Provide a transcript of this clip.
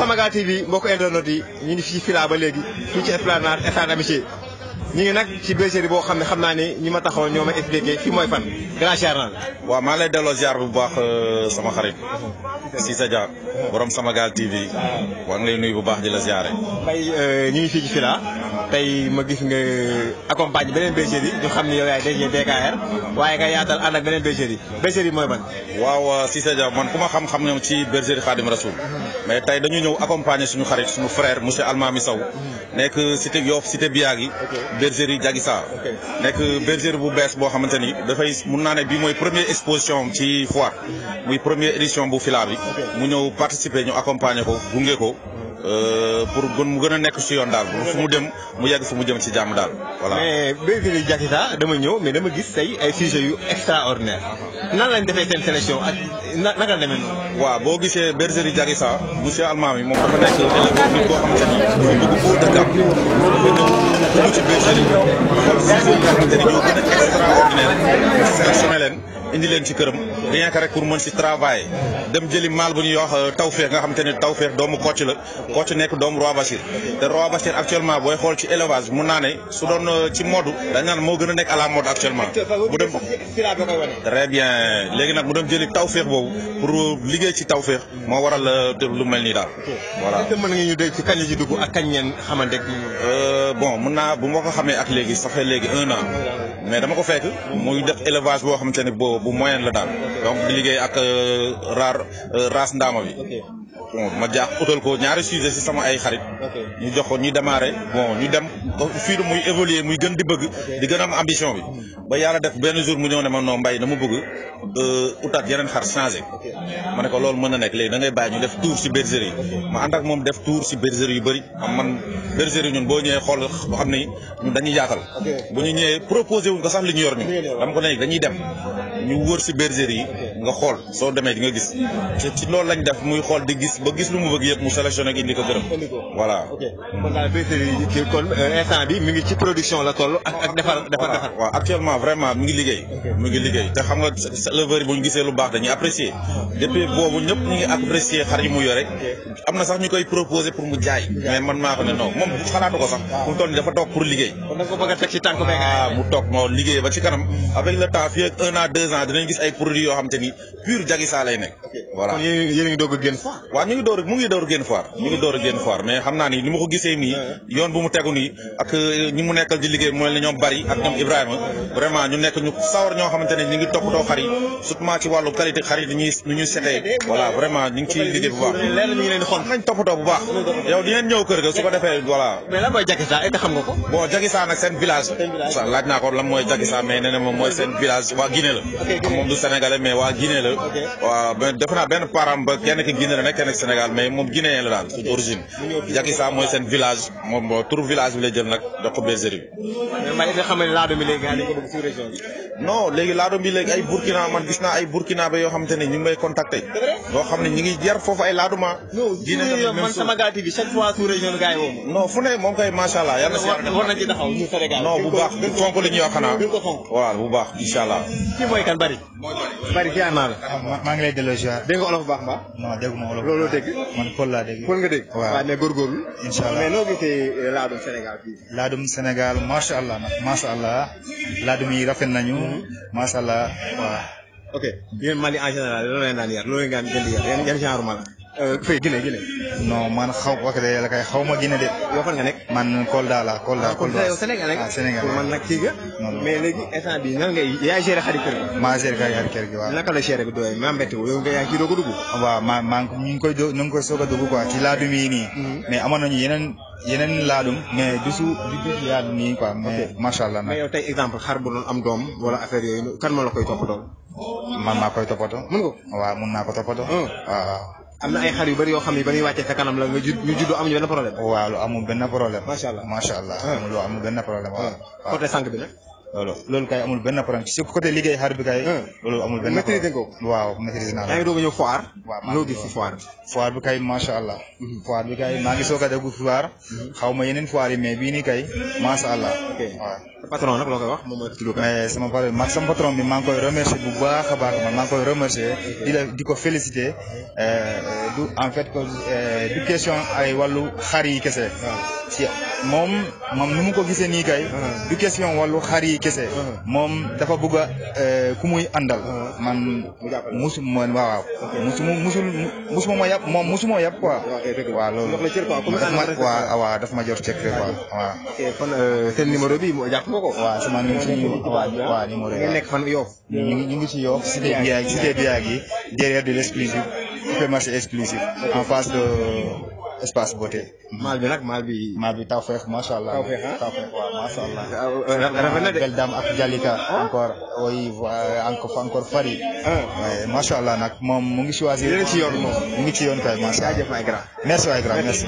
Samaga TV mbokk internet yi ñu ngi fii Fila ba léegi fii ci esplanade ñu ngi nag ci bergerie boo xam ne xam naa ne ñi ma taxaw ñoo ma expliqué fii mooy fan grand jardin la waaw maa lay delloo ziar bu baax euh, sama xarit Cissé Dia borom Samagal TV waa ngi lay nuyu bu baax di la ziare tey euh, ñu ngi fii ci Fila tey ma gis nga accompagne beneen bergerie ñu xam ne yow yaay DG DKR waaye nga yaatal ànd ak beneen bergerie bergerie mooy ban waaw euh, Cissé Dia man ku ma xam-xam ñoom ci bergerie Khadim Rasoul mhm. mais tey dañu ñëw accompagner suñu xarit suñu frère monsieur Almami Sow mhm. nekk si Yoff cité Biagi bergerie Diaguissa que bergerie bu baisse, bi première exposition ci foire première édition bu Fila bi mu participer ñu accompagner ko Euh, pour gën mu gën a nekk si yoon daal fu mu dem mu yàgg fu mu jëm ci jàmm daal voilà. mais Béykat Diakita dama ñëw mais dama gis tey ay sujets yu extraordinaire nan lañ defee seen sélection ak naka la demee noonu. waaw boo gisee bergerie Diakita monsieur yi moom dafa nekk éleveur nit koo xamante ni ñu dugg pour dëkkam dafa ñëw ci bergerie xool si ñoo xamante ni ñoo gën a extraordinaire sélectionné leen. indi leen ci këram rien que rek pour mën si travailler dem jëli maal bu ñuy wax euh, tawfeex nga xam te ne tawfeex doomu Kocc la Kocc nekk doomu Roi Bassir te Roi Bassir actuellement booy xool ci élevage mun naa ne su doon euh, ci mode dañ naan moo gën a nekk à la mode actuellement bu dem très bien léegi nag mu dem jëli tawfeex boobu pour euh, liggéey ci tawfeex moo waral lu mel nii daal voilà mën nga ñu dégg ci kañ la ci dugg ak kañ ngeen xamante bon mun naa bu ma ko xamee léegi ça léegi un mais dama ko fekk muy def élevage boo xamante ne bu bu moyen la daal donc di liggéey ak euh, raar euh, race ndaama bi bon ma jaax utal ko ñaari sujet si sama ay xarit ñu jox ko ñu démarré bon ñu dem fiir muy évoluer muy gën di bëgg di gën a am ambition bi ba yàlla def benn jour mu ñëw ne ma non mbay dama bëgg euh, utaat ma ne loolu mën na nekk léegi da ngay bàyyi ñu def tour si bergerie yi ma ànd ak moom def tour si bergerie yu bëri am man bergerie ñun boo ñëwee xool boo xam ne ñun dañuy yaatal bu ñu ñëwee proposé wu nga sax li ñu yor ñu dama ko ne dañuy dem ñu wër si bergerie yi nga xool soo demee di nga gis ci loolu lañ def ba gis lu mu bëgg yëpp mu sélectionné ak indi ko gërëm. Mm. Euh, la toll ak ak waaw actuellement vraiment mi ngi liggéey. mi ngi liggéey te xam nga éleveurs yi bu ñu gisee lu baax dañuy apprécier. depuis boobu ñëpp ñu ngi apprécier xar yi mu yore. am na sax ñu koy proposer pour mu jaay. mais man maa ko ne non moom xalaatu ko sax. mu toll nii dafa toog pour liggéey. kon a teg ci tànk ah, mu toog moo liggéey ba ci kanam. avec le temps fii ak un an deux ans dinañ gis ay produits yoo xam te ni pur jagisa a ngi doog a ñu ngi door mu ngi door génn foar ñu ngi door génn foar mais xamna ni ni ma ko gisee nii yoon bu mu teggu ni ak euh, ñi mu nekkal di liggéey moy la ñoom bari ak ñom Ibrahima vraiment ñu nekk ñu sawar ño xamante ñi ngi top do xari surtout ci walu qualité xari ñi ñu ñu sété voilà vraiment ñi ngi ci liggéey bu baax leen ñu leen xon nañ do bu baax yow di ngeen ñew kër ga su ko défé voilà mais la mooy Jakisa est xam nga ko bo Jakisa nak sen village sa laaj na ko lam moy Jakisa mais nee na moy sen village wa guiné la mom du sénégalais mais wa guiné la wa defna ben param ba kenn ki guiné la nekk kenn Sénégal mais moom guinéen la daal d'origine Jakissa mooy seen village moom tur village bi lay jël nag da ko bergerie bi léegi laadum bi léegi ay Burkina man gis naa ay Burkina ba yoo xamante ne ñu ngi may contacter yoo xam ne ñu ngi jar foofu ay laaduma man sama gaati bi chaque fu ne moom kay macha allah yal na si war nañ ñu Sénégal non bu baax fonk li ñuy xanaa waaw bu baax incha allah kii mooy bari ziar naa la. maa ngi lay delloo ziar. dégg nga olof baax mbaa. non dégg ma olof. looloo dégg. man pël laa dégg. waaw waaw mais góorgóorlu. incha allah mais noo gisee euh, laadum Sénégal laadum Sénégal macha allah nag allah laadum yi rafet nañu. Mm-hmm. macha allah waaw. ok yéen Mali en général loolu la ñu daan yar loolu la ñu daan jënd yar yan genre Mali. Euh, fii Guinée Guinée. non man xaw wax dëgg yàlla kay xaw ma Guinée de. yoo fan man Kolda a ah, Kolda. Kolda yow Sénégal ah Sénégal man nag kii nga. mais léegi état bi nan ngay xarit kër gi. maa géré kay la géré bi doyee maa mbett yow nga yaa ah, ngi ciy koy do ñu ngi koy soog a dugg quoi ci laadum yi nii. Mhm. mais amoon nañu yeneen yeneen laadum. mais du su du du laadum nii quoi. mais macha allah. mais exemple xar bu doon am doom wala affaire yooyu kan ma la koy toppatoo. man maa koy toppatoo. mën nga ko waaw mën ko toppatoo. Oh. waaw waaw am na ay xar yu bëri yoo xam ne ba ñuy wàccee sa kanam la nga judd ñu juddoo amuñu benn problème. waaw lu amul benn problème. macha allah macha allah. amul ah. lu amul problème waaw. Ah. côté sànq bi loolu loolu kay amul benn problème ci côté liggéey xar bi kay. loolu amul benn problème maîtrise nga ko. waaw maîtrise naa la. yaa ngi doog a ñëw foire. waaw loo bi. kay macha allah. Mhm. foire bi kay maa gisoo soog a dugg foire. Mhm. xaw ma yeneen foire yi mais bii nii kay macha allah. ok waaw loo koy wax moom mooy tudd mais sama patron ma sama patron bi maa ngi koy remercier bu baax a baax man maa ngi koy remercier di la di ko féliciter euh, du en fait que euh, du question ay wallu xar yi kese. moom man nu mu ko gisee nii kay. Uh-huh. du question wàllu xar yi kese. Uh-huh. moom dafa bëgg a eh, ku muy àndal. Uh-huh. man musu ma waaw. musu mu musul musu ma ma yab moom musu ma yab quoi. waaw loolu waaw waaw daf ma jot cër quoi waaw. kon euh, seen numéro bi jàpp nga ko. waa sama numéro waaw ah. numéro yi. nga nekk fan ñu ngi ñu ngi si yoo. cité biyaag cité biyaag yi derrière de l'exclusif supermarché exclusif en face espace beauté. maal bi nag maal bi. maal bi tawfeex allah. tawfeex ah waaw macha allah. Ah, rafet na de ak Jalika. Ah? encore oui encore encore Fari. Ah. allah nag moom mu ngi choisir. yéen ci yoon moom mu ngi ci yoon kay macha allah. jaajëf grand merci waay grand merci.